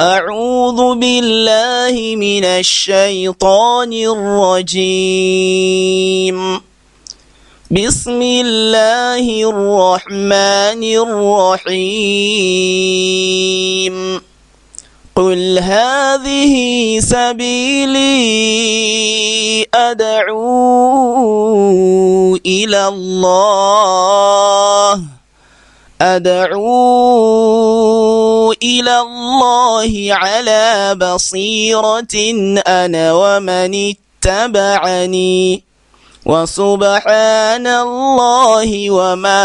أعوذ بالله من الشيطان الرجيم بسم الله الرحمن الرحيم قل هذه سبيلي أدعو إلى الله أدعو إلى الله على بصيرة أنا ومن اتبعني وسبحان الله وما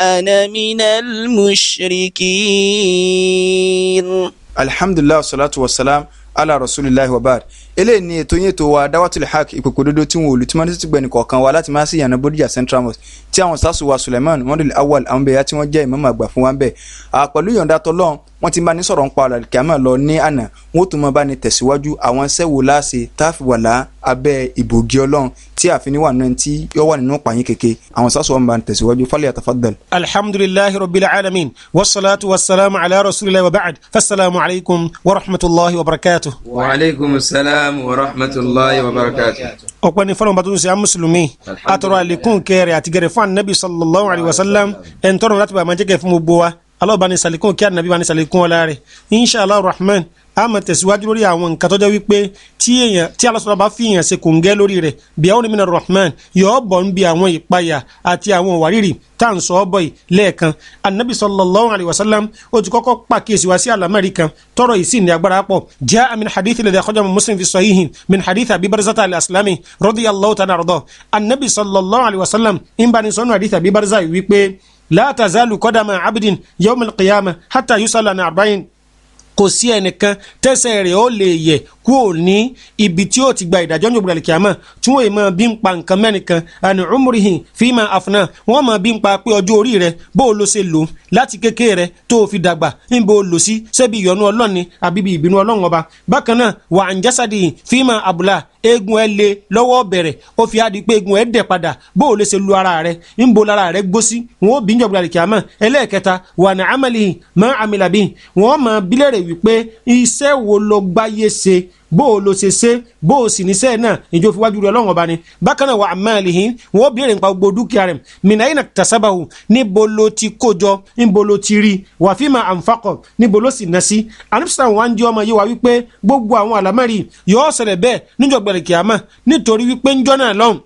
أنا من المشركين الحمد لله والصلاة والسلام على رسول الله وبارك eléyìí ni ètò yín ètò wa dáwàtúlù haq ìpèpè dodo tí wọn ò lù tí wọn ti gbẹ kọ̀ọ̀kan wa láti máa sí ìyànà bodijà central mosque tí àwọn sásù wa suleiman mọdùlẹ awal àwọn bẹyà tí wọn jẹ ìmáàmù àgbà fún wa ń bẹ pẹ̀lú yọ̀ǹda tọlọ́run wọn ti bá ní sọ̀rọ̀ ń pa àlàkìámà lọ ní àná wọn tún máa bá ní tẹ̀síwájú àwọn sẹ́wò láàṣẹ táfìwàlá abẹ́ ìbògì ọlọ́run tí àfin wà náà tí yọ wà nínú pààyàn kéke àwọn sásù wa ń tẹ̀síwájú fálẹ̀ àtàfàdàl. alhamdulilayi rabbil alamin wasalaatu wasalaamu ala rasulilayi wa ba'ad fasalaamu alaykum wa rahmatulahi wa barakatu. wa aleykum salaam salaam wa rahmatulahi wa barakatu. ọ̀pọ̀ ni fọlọ́n bàtú sí amúsùlùmí àtọ̀rọ̀ àlékún kẹrẹ àti gẹrẹ fún anabi sallallahu alayhi wa sallam ẹ̀ ń tọrọ láti bàmá jẹ́kẹ̀ fún gbogbo wa aláwọ̀ bá ní kí anabi bá ní sàlékún ọ̀la rẹ̀ insha rahman a máa tẹ̀síwájú lórí àwọn nǹkan tó jẹ́ wípé tí èèyàn tí Allah subhanahu bá fi èèyàn ṣe kòǹgẹ́ lórí rẹ̀ bí àwọn onímọ̀ rahman yóò bọ̀ ń bi àwọn ìpayà àti àwọn ìwárìrì tá à ń sọ ọ́ bọ̀ yìí lẹ́ẹ̀kan anabi sallallahu alayhi wa sallam ó ti kọ́kọ́ pàkíyèsí wá sí alamari kan tọrọ yìí sì ní agbára pọ̀ jẹ́ amin hadith ilẹ̀ dẹ́kọ́jà muslim fi sahihin min hadith abi barzata al-aslami radiyallahu ta'ala rọ̀dọ̀ anabi sallallahu alayhi wa sallam ń hadith abi yìí wípé la tazalu qadama abdin yawm al-qiyamah hatta yusala ní kò sí ẹnìkan tẹ́sẹ̀ rẹ̀ ó lè yẹ kúò ní ibi tí ó ti gba ìdájọ́ ní ògbìnrin kìámà tí wọ́n máa bí ń pa nǹkan mẹ́nìkan àni umrihin fíìmà àfúnà wọ́n máa bí ń pa pé ọjọ́ orí rẹ̀ bó o lo ṣe lò láti kékeré rẹ̀ tó o fi dàgbà ń bo lò sí ṣebí ìyọnu ọlọ́run ni àbí bí ìbínú ọlọ́run ọba bákan náà wà á ń jásàdì fíìmà àbùlà eegun ẹ le lọ́wọ́ bẹ̀rẹ̀ ó fi adi pé eegun ẹ dẹ̀ padà bó o lè ṣe lu ara rẹ̀ ń bo lára rẹ̀ gbósí wọn ó bí ń jọ̀gbọ̀n àlìkàmọ́ ẹlẹ́ẹ̀kẹta wà ní amẹ́lì mọ́ àmìlàbí wọn máa bílẹ̀ wípé iṣẹ́ wo ló gbáyé ṣe bó o lo ṣe ṣe bó o sì níṣẹ́ náà ìjọ fi wájú rẹ̀ ọlọ́run ọba ni bákan náà wà á máa lè hín wọ́n béèrè nípa gbogbo dúkìá rẹ̀ mìíràn iná tàṣàbàwò níbo ló ti kó jọ níbo ló ti rí wà àǹfàkọ̀ níbo ló sì ná sí. anúpsàn wa ń di ọmọ yìí wá wípé gbogbo àwọn àlámẹ́rì yóò ṣẹlẹ̀ bẹ́ẹ̀ níjọ̀gbẹ̀rẹ̀ kìámà nítorí wípé ń jọ́ náà lọ́hùn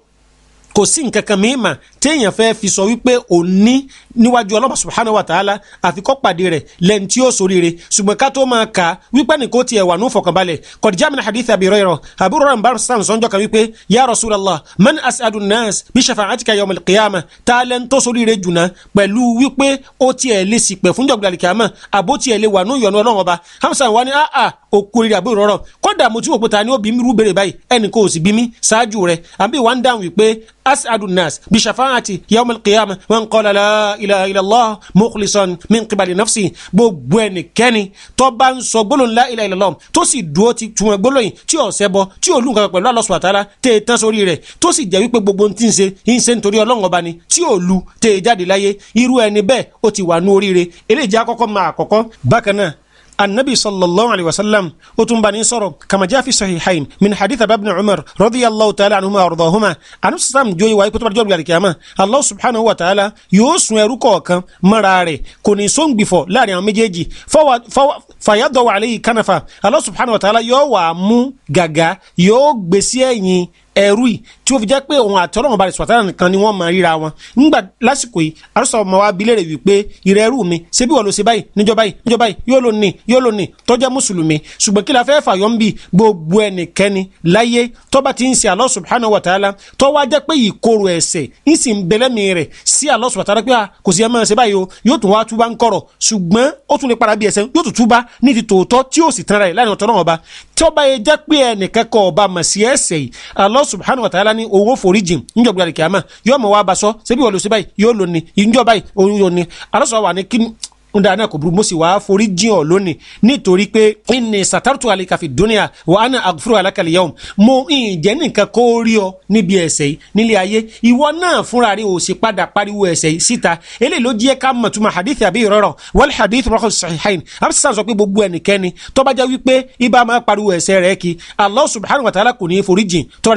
kò sí nǹkan kan mìíràn téèyàn fẹ́ fi sọ wípé òní níwájú ọlọ́pàá subhanahu wa ta'ala àfikọ́ pàdé rẹ̀ lẹ́yìn tí ó soríire ṣùgbọ́n ká tó máa kà á wípé nìkó tiẹ̀ wà ní fọkànbalẹ̀ kọ̀díjà mi ní hadith Abi Hurairah Abu Hurairah bá sàn sọ́njọ́ kan wípé ya Rasulallah man as'adu nas bi shafa'atika yawm al-qiyamah ta lẹ́n tó soríire jùnà pẹ̀lú wípé ó tiẹ̀ lè sì pẹ̀ fún jọ̀gbìn àlìkàmà àbó tiẹ̀ lè wà ní ìyọnu الشفاعة يوم القيامة وان قال لا إله إلا الله مخلصا من قبل نفسه gbogbo ẹnikẹ́ni tó bá ń sọ gbólóhùn la ilaha illallah tó sì dúró ti túmọ̀ gbólóhùn tí ò ṣẹbọ tí ò lù nǹkan pẹ̀lú Allah subhanahu wa ta'ala tẹ̀ tán sórí rẹ̀ tó sì jẹ́ wípé gbogbo ohun tí ń ṣe ń ṣe nítorí Ọlọ́run ọba ni tí ò lù tẹ̀ jáde láyé irú ẹni bẹ́ẹ̀ ó ti wà ní oríire eléjì àkọ́kọ́ máa àkọ́kọ́ bákan náà النبي صلى الله عليه وسلم وتنبني صرب كما جاء في صحيحين من حديث ابن عمر رضي الله تعالى عنهما وارضاهما عن سام جوي واي كتب جوب القيامة الله سبحانه وتعالى يوسو يركوك مراري كوني سون بفو لا ريان مجيجي فو فو فيضع عليه كنفة الله سبحانه وتعالى يو وامو غاغا يو بسيني ẹrú yìí tí ó fi jẹ́ pé òun àti ọlọ́run balẹ̀ sọ̀tàn nìkan ni wọ́n máa ríra wọn nígbà lásìkò yìí arúsọ ọmọ wa bi léèrè wípé ìrẹ́ ẹrú mi ṣé bí wọ́n lọ ṣe báyìí níjọ́ báyìí níjọ́ báyìí yóò lò ní yóò lò ní tó mùsùlùmí ṣùgbọ́n kí la fẹ́ fàyọ́ ń bi gbogbo ẹnikẹ́ni láyé tó ti ń ṣe Allah subhanahu wa ta'ala tó wá jẹ́ pé ìkorò ẹ̀ṣẹ̀ ń sì ń rẹ̀ sí Allah subhanahu wa ta'ala pé ah, kò sí ẹ máa ṣe báyìí o yóò tún wá túbá ń kọ̀rọ̀ ṣùgbọ́n ó tún lè tọ́ba yẹ jẹ́ pé ẹnìkan kọ́ ọba mà sí ẹsẹ̀ yìí Allah subhanahu wa ta'ala ní owó foríjìn níjọba kìámà yóò mọ̀ wá abaṣọ ṣebí wọ́n lò sí báyìí yóò lò ní ìjọba yìí òun yóò ní alọ́sọ̀ wà ní kí nda náà kò burú mo sì wàá forí jìn ọ lónìí nítorí pé ní sàtàrùtù àlekàfi dúnìyà wà á náà àgùfúrò alákàlẹ̀ yẹ̀wò mo ìjẹ́ nìkan kó rí ọ níbi ẹ̀ṣẹ̀ yìí nílé ayé ìwọ náà fúnra rẹ ò sì padà pariwo ẹ̀ṣẹ̀ yìí síta eléyìí ló jẹ́ ká mọ̀ tuma hadith àbí ìrọ̀rọ̀ wal hadith rọ́kọ̀ sahihain abisa sọ pé gbogbo ẹnikẹ́ni tó bá wípé ibà máa pariwo ẹ̀ṣẹ̀ Allah subhanahu wa ta'ala kò ní forí jìn tó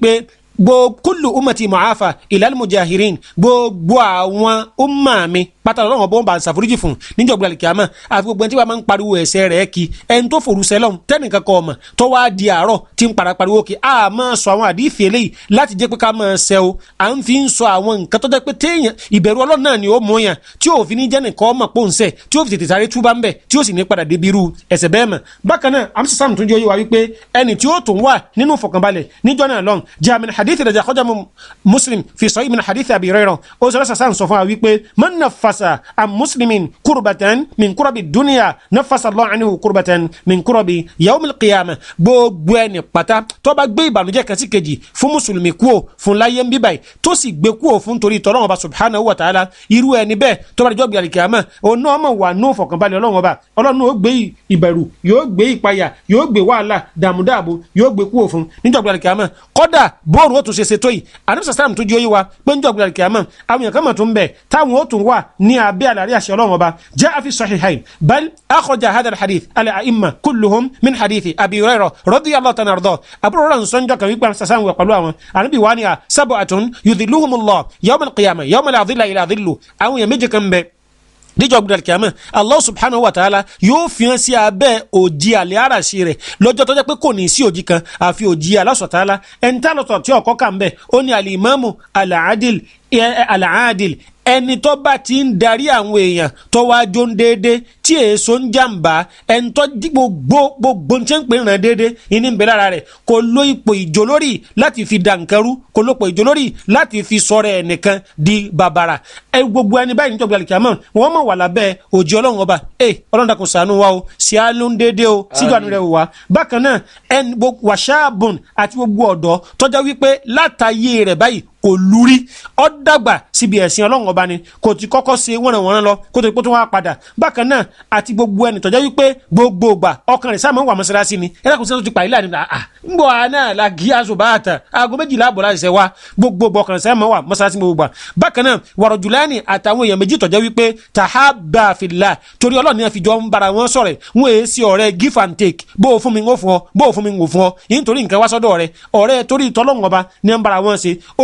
bá gbogbo kúlù umati mu'afa ilal mujahirin gbogbo àwọn umma mi pátá lọ́wọ́ bó ń bá ṣàforíjì fún níjọba alikiyama àfi gbogbo ẹni tí wàá máa ń pariwo ẹ̀ṣẹ̀ rẹ̀ kí ẹni tó forúṣẹ́ lọ́hùn tẹ́nìkan kọ́ ọmọ tó wá di àárọ̀ tí ń para pariwo kí a máa sọ àwọn àdìfì eléyìí láti jẹ́ pé ká máa ṣe o à ń fi ń sọ àwọn nǹkan tó jẹ́ pé téèyàn ìbẹ̀rù Ọlọ́run náà ni ó mú yàn tí ò fi ní jẹ́ nìkan ọmọ pò ń sẹ̀ tí ó fi tètè sáré túbá ń bẹ̀ tí ó sì ní padà débi irú ẹ̀ṣẹ̀ bẹ́ẹ̀ hadith ìdàjà kọjá muslim fi sọ ìmìnà hadith àbí rẹ̀rọ̀ ó sọ lọ́sàsán sọ fún wa wípé man nafasa an muslimin kurbatan min kurabi duniya nafasa Allahu anhu kurbatan min kurabi yawmil qiyama gbogbo ẹni pátá tó bá gbé ìbànújẹ́ kan sí kejì fún mùsùlùmí kúò fún láyé ń bíbáyì tó sì gbé kúò fún torí tọ́lọ́ ọba subhanahu wa ta'ala irú ẹni bẹ́ẹ̀ tó bá dijọ́ gbìyànjú kìámà òun náà mọ̀ wà nù fọkànbalẹ̀ ọlọ́run ọba ọlọ́run ó gbé ìbẹ̀rù yóò gbé ìpayà yóò gbé wàhálà dàmúdàbò yóò gbé kúò fún níjọ́ gbìyànjú kìámà kọ́dà bóòrù ó tún ṣe ṣètò yìí àdébísà sàrám tó jẹ́ yíwa pé ń jọ gbìyànjú kìámà àwọn èèyàn kan mà tún bẹ̀ táwọn ó tún wà ní abẹ́ àlàrí àṣẹ ọlọ́run ọba jaa fi sahihain bal akhraja hadha alhadith ala aimma kulluhum min hadithi abi hurayra radiyallahu ta'ala arda abu hurayra nsọ́njọ́ kan wípé sàsán wẹ̀ pẹ̀lú àwọn àníbi wà ní a sab'atun yudhilluhumullah yawm al-qiyamah yawm la dhilla ila dhilluh àwọn èèyàn méjì kan bẹ̀ níjọ́ gbọdọ̀ kíámẹ́ Allah subhanahu wa ta'ala yóò fi hàn sí abẹ́ òjì àlẹ́ àràṣì rẹ̀ lọ́jọ́ tó jẹ́ pé kò ní sí òjì kan àfi òjì Allah subhanahu wa ta'ala ẹ̀ńtà lọ́tọ̀ tí ọ̀kọ́ kà ń bẹ̀ ó ní al-imamu ẹni tó bá ti ń darí àwọn èèyàn tó wá jó ń déédé tí èso ń jàǹbá ẹni tó gbogbo gbogbo ṣe ń pè ràn déédé ìní ń bẹ lára rẹ̀ kò ló ipò ìjó lórí láti fi dànkẹrú kò ló ipò ìjó lórí láti fi sọ̀rọ̀ ẹnìkan di bàbàrà ẹ gbogbo ẹni báyìí níjọba alikiyama wọn mọ wà lábẹ́ òjì Ọlọ́run ọba ẹ Ọlọ́run dàkún ṣàánú wa o ṣe á ló ń déédé o síjú àánú rẹ̀ wà bákan náà ẹni wàṣáàbùn kò lúrí ọ dàgbà síbi ẹ̀sìn ọlọ́run ọba ni kò ti kọ́kọ́ ṣe wọ̀nàwọ̀nà lọ kó tó tó wá padà bákan náà àti gbogbo ẹni tọ́jà wípé gbogbo ìgbà ọkàn rẹ̀ sáà wà mọ́sálásí ni ẹ̀rọ kùsùn tó ti pàyí láàrin àà ń bọ̀ àná la gí aṣọ bá àtà aago méjìlá àbọ̀ láti ṣẹ̀ wá gbogbo ìgbà ọkàn rẹ̀ sáà máa wà mọ́sálásí gbogbo ìgbà bákan náà wọ̀rọ̀ jùláni àtàwọn èèyàn méjì tọ́jà wípé tahabba fillah torí ọlọ́ọ̀ni àfi jọ ń bara wọn sọ̀rẹ̀ wọn èé sí ọ̀rẹ́ give and take bó o fún mi ń wò fún ọ bó o fún mi ń wò fún ọ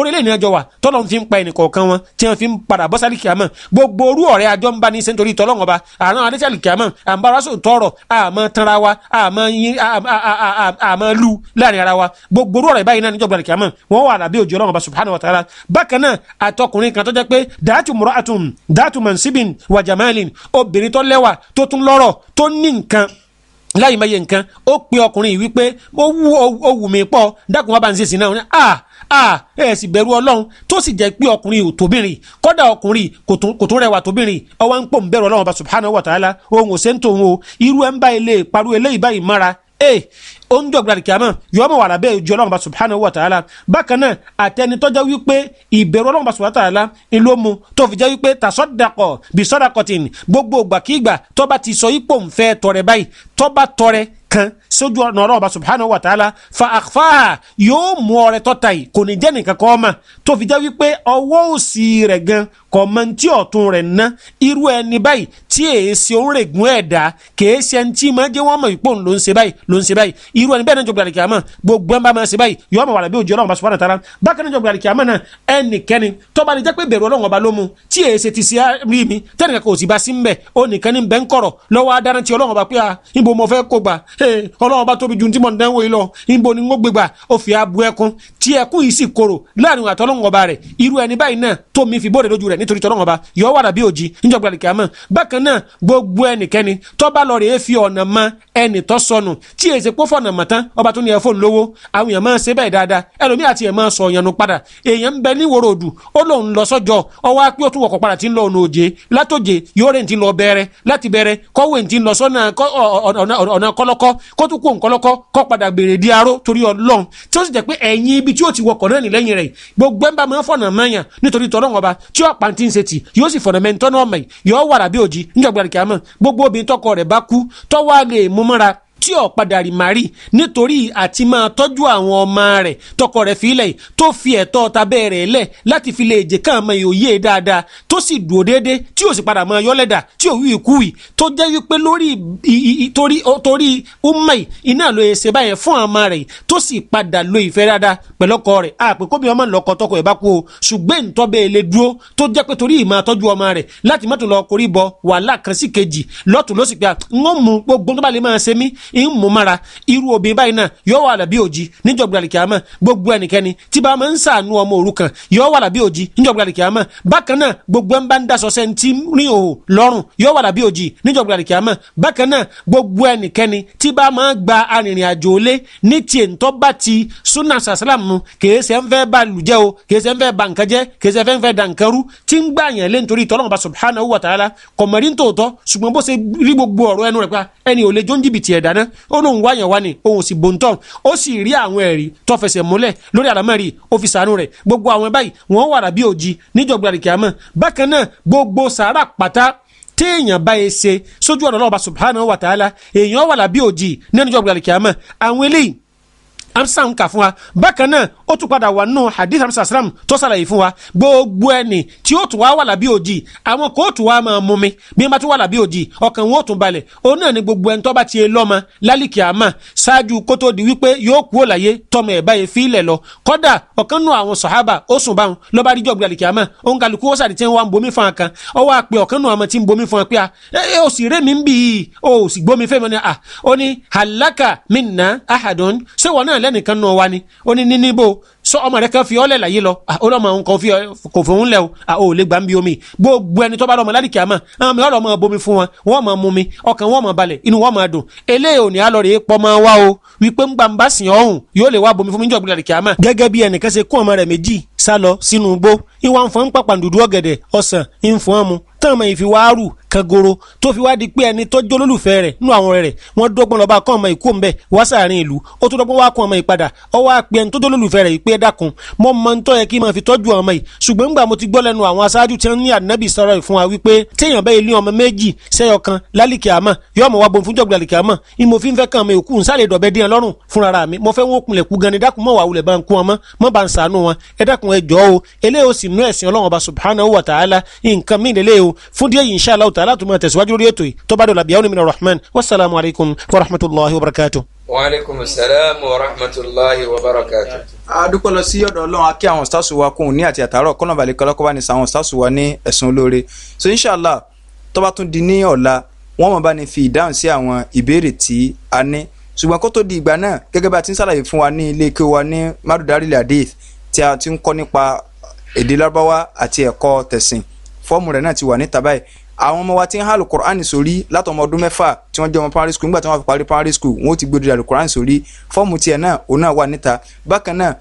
yìí ni ní ọjọ́ wa tọ́lọ̀ fi ń pa ẹnì kọ̀ọ̀kan wọn tí wọ́n fi ń padà bọ́ sálì kìámọ̀ gbogbo orú ọ̀rẹ́ àjọ ń bá ní sẹ́ńtórí tọ́lọ́wọ́n ba àrùn adéṣàlì kìámọ̀ àǹbarasò tọrọ àmọ́ tanra wa àmọ́ lu láàrin ara wa gbogbo orú ọ̀rẹ́ báyìí náà níjọba kìámọ̀ wọ́n wà lábẹ́ òjò ọlọ́wọ́n ba subhanahu wa ta'ala bákan náà àtọkùnrin kan tó jẹ́ pé dàátù mùràtùm dàátù mansibin wa jamalin obìnrin tó lẹ́wà tó tún lọ́rọ̀ tó ní nǹkan láì mẹ́yẹ nǹkan ó pe ọkùnrin yìí wípé ó wù mí pọ̀ dákun wá bá ń ṣe sí náà ó ní à ẹ sì bẹ̀rù ọlọ́run tó sì jẹ́ pé ọkùnrin ò tóbìnrin kọ́dà ọkùnrin kò tó rẹwà tóbìnrin ọwọ́ ń pò ń bẹ̀rù ọlọ́run ọba subhanahu wa ta'ala ohun ò sẹ́ńtò òun o irú ẹ̀ ń bá ilé ìparú eléyìí báyìí mára ó ń dọ̀gbà kìámà yọ ọmọ wà lábẹ́ ìjọ ọlọ́run bá subhanahu wa ta'ala bákan náà àtẹnitọ́já wípé ìbẹ̀rù ọlọ́run bá subhanahu wa ta'ala ìlú mu tó fi jẹ́ wípé tàṣọ́dàkọ̀ gbogbo ìgbàkígbà tó ti sọ ipò ń fẹ́ tọrẹ báyìí tó kan sójú ọ̀nà ọlọ́run wa ta'ala fa àfáà yóò mú ọrẹ tọ́ta yìí kò ní jẹ́ nìkan kan mà tó fi gan kò mọ tí ọ̀tún rẹ̀ ná irú tí èsì òun rè gún ẹ̀dá kèé ṣe irú ẹni bẹ́ẹ̀ náà jọ gbàdìkì àmọ́ gbogbo ẹnba máa ṣe báyìí yọọ ma wà lábẹ́ òjò ọlọ́run bá sùpàdà tara bákan náà jọ gbàdìkì náà ẹnìkẹ́ni tọ́ba ni jẹ́ pé bẹ̀rù ọlọ́run ọba ló mu tí èyí ṣe ti ṣe rí mi tẹ́nìkan kò sì bá sí mbẹ̀ ó nìkan ní bẹ́ ń kọ̀rọ̀ lọ́wọ́ adáná ọlọ́run ọba pé ah, ni ó gbégbà ó fi abu ẹkún tí ẹkún yìí sì korò láàrin àti ọlọ́run ọba rẹ̀ irú ẹni báyìí náà tó mi fi bóde lójú rẹ̀ nítorí tọ́lọ́run ọba yọ wàrà bí òjì níjọ́ gbàdìkì àmọ́ èèyàn mọ̀ tán ọba tó ní ẹ fóònù lówó àwọn èèyàn máa ń ṣe bẹ́ẹ̀ dáadáa ẹlòmíì àti ẹ̀ máa sọ ọ̀yàn nu padà èèyàn ń bẹ ní ìwòrò òdù ó lòun lọ sọ́jọ́ ọwọ́ apẹ́ òtún wọ̀kọ̀ padà tí ń lọ ọ̀nà òjé látòjé yóò rẹ̀ ti lọ bẹ̀rẹ̀ láti bẹ̀rẹ̀ kọ́wé ti lọ sọ́nà ọ̀nà kọ́lọ́kọ́ kó tún kó nkọ́lọ́kọ́ kọ́ padà gbèrè di aró torí ọlọ́run tí ó sì jẹ́ pé ẹ̀yìn ibi tí ó ti wọkọ̀ náà ní lẹ́yìn rẹ̀ gbogbo ẹ̀ ń bá máa ń fọ̀nà mọ́yàn nítorí tọ́lọ́run ọba tí ọ̀pá ti ń ṣe tì yóò sì fọ̀nà mẹ́ńtọ́ náà mọ̀ yóò wàrà bí òjì níjọba ìkàmọ́ gbogbo obìnrin tọkọ rẹ̀ bá kú tọ́wọ́ àlè mú mọ́ra tí ó padà rí mari nítorí àti máa tọ́jú àwọn ọmọ rẹ̀ tọkọ rẹ̀ fílẹ̀ tó fi ẹ̀tọ́ tabẹ́ rẹ̀ lẹ̀ láti fi lè jẹ́ ká mọ ìyòye dáadáa tó sì dúró déédéé tí ò sì padà mọ yọ́lẹ̀dà tí ò wí ikú tó jẹ́ wípé lórí torí torí umai iná ló ṣe báyẹn fún ọmọ rẹ̀ tó sì padà lo ìfẹ́ dáadáa pẹ̀lọ́kọ rẹ̀ àpè kóbi ọmọ lọ́kọ tọkọ ẹ̀ bá kú o ṣùgbẹ́ ìtọ́bẹ̀ èlé dúró tó jẹ́ pé torí ìmọ̀ àtọ́jú ọmọ rẹ̀ ń mú mára irú obìnrin báyìí náà yóò wà lábí òjì níjọba àlìkíyàmá gbogbo ẹnikẹ́ni tí bá máa ń sàánú ọmọ òrukàn yóò wà lábí òjì níjọba àlìkíyàmá bákan náà gbogbo ẹni bá ń daṣọ sẹ́ńtì ní òhò lọ́rùn yóò wà lábí òjì níjọba àlìkíyàmá bákan náà gbogbo ẹnikẹ́ni tí bá máa gba arìnrìn àjò olé ní tiẹ̀ ń tọ́ bá ti sunna sàsálàm nu kèése ń fẹ́ bá lùjẹ́ o kèése ń fẹ́ bá nǹkan jẹ́ kèése ń fẹ́ dà nǹkan rú tí ń gbà yẹn lé nítorí tọ́lọ́mọba subhanahu wa ta'ala kọ̀mọ̀rí ń tòótọ́ ṣùgbọ́n bó ṣe rí gbogbo ọ̀rọ̀ ẹnu rẹ̀ pa ẹni ò lè jó ń jìbìtì ẹ̀dá dáná ó lóun wáyàn wá ní òun sì bòńtọ́ ó sì rí àwọn ẹ̀rí tó fẹsẹ̀ múlẹ̀ lórí àlámọ̀rí ó fi sànú rẹ̀ gbogbo àwọn báyìí wọ́n wàrà bí òjì níjọba àríkìámọ̀ bákan náà gbogbo sàárà pátá téèyàn bá e ṣe sójú ọ̀nà ọlọ́ọ̀bá subhanahu wa ta'ala èèyàn wà lábí òjì nínú ìjọba àwọn eléyìí amsa ń kà fún wa bákan náà ó tún padà wà nù hadith amsa salam tó ṣàlàyé fún wa gbogbo ẹni tí ó tún wá wà lábí òjì àwọn kóòtù wa máa mú mi bí wọn bá tún wà lábí òjì ọkàn wọn ò tún balẹ̀ òun náà ni gbogbo ẹni tó bá ti lọ́mọ lálìkì àmà ṣáájú kó tó di wípé yóò kú ò láyé tọmọ ẹ̀ báyìí fílẹ̀ lọ kọ́dà ọ̀kan nù àwọn sọ̀hábà ó sùn báwọn lọ́ba àdíjọ́ gbé àlìkì àmà òun kàlùkù ó sàdí halaka minna ahadun ṣé wọn lẹ́nìkan nù wa ni ó ní níníbò sọ ọmọ rẹ kan fi ọ́ lẹ̀ láyé lọ ọlọ́mọ òun fi kò fòun lẹ̀ o ò lè gbà ń bi omi gbogbo ẹni tó bá lọ́mọ lálìkí àmọ́ àwọn mìíràn ọmọ bomi fún wọn wọ́n mọ̀ mu mi ọkàn wọ́n mọ̀ balẹ̀ inú wọ́n mọ̀ dùn eléyìí ò ní rèé pọ́ máa wá o wípé ńgbà ń bá sìn ọ̀hún yóò lè wá bomi fún mi jọ̀gbìn lálìkí àmọ́. gẹ́gẹ́ bí ẹnìkan ṣe kún ọmọ rẹ̀ méjì sá lọ sínú igbó ìwà ń fọn pàpàǹdùdú ọ̀gẹ̀dẹ̀ ọ̀sán ń fọn mu tán ọmọ ìfi wàá rù kagoro tó fi wá di pé ẹni tó jó lólùfẹ́ rẹ̀ nú àwọn rẹ̀ wọ́n dọ́gbọ́n lọ́ba kọ́ ọmọ ìkó ń bẹ̀ wá sáàrin ìlú ó tó dọ́gbọ́n wá kún ọmọ ìpadà ọwọ́ àpẹ́ ẹni tó jó lólùfẹ́ rẹ̀ yìí pé pé dákun mo mọ ń tọ́ yẹ kí n máa fi tọ́jú ọmọ yìí ṣùgbọ́n nígbà mo ti gbọ́ lẹ́nu àwọn aṣáájú tí wọ́n ní ànábì sọ̀rọ̀ ìfún wa wípé téèyàn bẹ́ẹ̀ ilé ọmọ méjì sẹ́yọ kan lálìkẹ́ àmọ́ yọ ọmọ wa bon fún jọ̀gbìn àlìkẹ́ àmọ́ ìmọ̀ fẹ́ kàn mí òkú ń sálẹ̀ dọ̀bẹ́ díẹ̀ lọ́rùn fúnra mi mo fẹ́ wọn kunlẹ̀ kú gan dákun mọ̀ wà wulẹ̀ bá ń kú ọmọ mọ̀ bá ń sànú wọn ẹ dákun ẹ jọ̀ọ́ o eléyìí ó sì nú ẹ̀sìn ọlọ́run ọba subhanahu wa ta'ala nǹkan mí lélẹ́ o fún díẹ̀ yìí insha Allah ta'ala tó máa tẹ̀síwájú lórí ètò yìí tó bá dọ̀là bíyàwó ni mi rahman wasalaamu wa rahmatulahi wa barakatuh wa aleykum salaam wa rahmatulahi wa barakatu. a dúpẹ́ lọ sí ọ̀dọ̀ ọlọ́run akí àwọn stars wa kún un ní àti àtàárọ̀ kọ́nà balẹ̀ kọ́lọ́kọ́ bá ní sàwọn stars wa ní ẹ̀sùn olóore so inshallah tó bá tún di ní ọ̀la wọ́n mọ̀ bá ní fi ìdáhùn sí àwọn ìbéèrè tí a ní ṣùgbọ́n kó tó di ìgbà náà gẹ́gẹ́ bá ti ń ṣàlàyé fún wa ní ilé ike wa ní madudaril hadith àwọn ọmọ wa ti ń há alukur'an sórí látọmọ ọdún mẹ́fà tí wọ́n jẹ́ ọmọ primary school nígbà tí wọ́n fi parí primary school wọ́n ti gbódúdú alukur'an sórí fọ́ọ̀mù tiẹ̀ náà òun náà wà níta bákan náà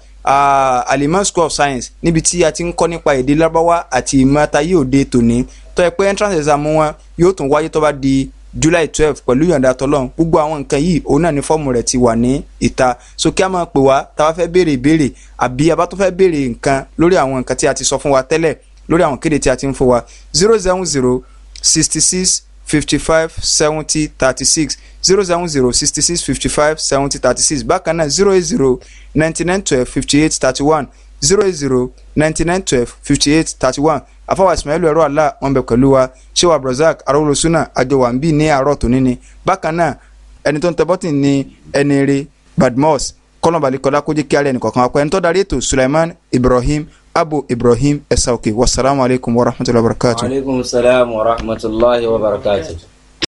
Aliman School of Science níbi tí a ti ń kọ́ nípa èdè Lárúbáwá àti ìmọ̀ tayé òde tòní tó yẹ pé entrance exam wọn yóò tún wáyé tó bá di july twelve pẹ̀lú yọ̀ǹda tọ́lọ́n gbogbo àwọn nǹkan yìí òun náà ni fọ́ọ̀mù rẹ̀ ti wà ní ìta so kí a máa pè wá tá a bá fẹ́ béèrè ìbéèrè àbí a bá tún fẹ́ béèrè nǹkan lórí àwọn nǹkan tí a ti sọ fún wa tẹ́lẹ̀ lórí àwọn kéde tí a ti ń fún wa zero seven zero sixty six fifty five seventy thirty six zero seven zero sixty six fifty five seventy thirty six bákan náà zero eight zero ninety nine twelve fifty eight thirty one zero eight zero ninety nine twelve fifty eight thirty one afáwà ismail ẹ̀rọ àlá wọn bẹ pẹ̀lú wa ṣéwà brazak arólosúnà àjọwà ń bì ní àárọ̀ tó níní bákan náà ẹni tó ń tẹ bọ́tìn ní ẹni rí badmus kọ́lọ́mbalẹ̀ kọ́lá kó jẹ́ kí alẹ́ nìkọ̀ọ̀kan apẹ́ ẹni tó darí ètò suleiman ibrahim أبو إبراهيم السوكي والسلام عليكم ورحمة الله وبركاته وعليكم السلام ورحمة الله وبركاته